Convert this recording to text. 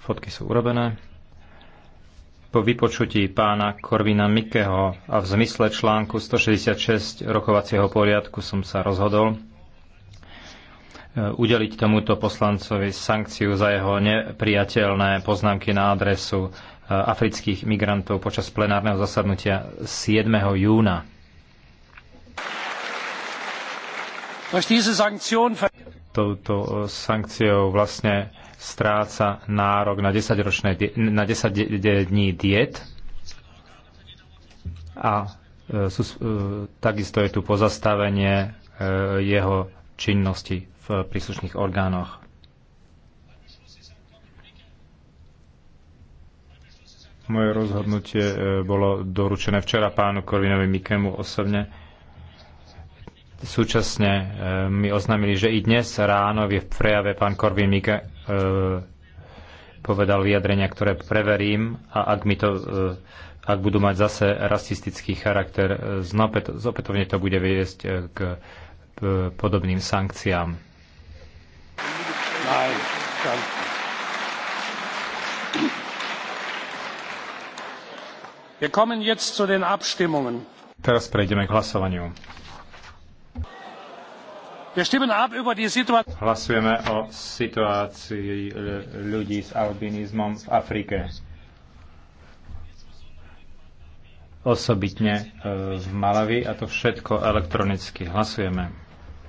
Fotky sú urobené. Po vypočutí pána Korvina Mikeho a v zmysle článku 166 rokovacieho poriadku som sa rozhodol e, udeliť tomuto poslancovi sankciu za jeho nepriateľné poznámky na adresu e, afrických migrantov počas plenárneho zasadnutia 7. júna. Durch diese Sanktion touto e, sankciou vlastne stráca nárok na 10, ročné, na 10 dní diet a e, e, takisto je tu pozastavenie jeho činnosti v príslušných orgánoch. Moje rozhodnutie bolo doručené včera pánu Korvinovi Mikemu osobne Súčasne e, mi oznámili, že i dnes ráno je v prejave pán Korvin Mike e, povedal vyjadrenia, ktoré preverím a ak mi to e, ak budú mať zase rasistický charakter, zopetovne to bude viesť k podobným sankciám. Teraz prejdeme k hlasovaniu. Hlasujeme o situácii e, ľudí s albinizmom v Afrike. Osobitne e, v Malavi a to všetko elektronicky. Hlasujeme.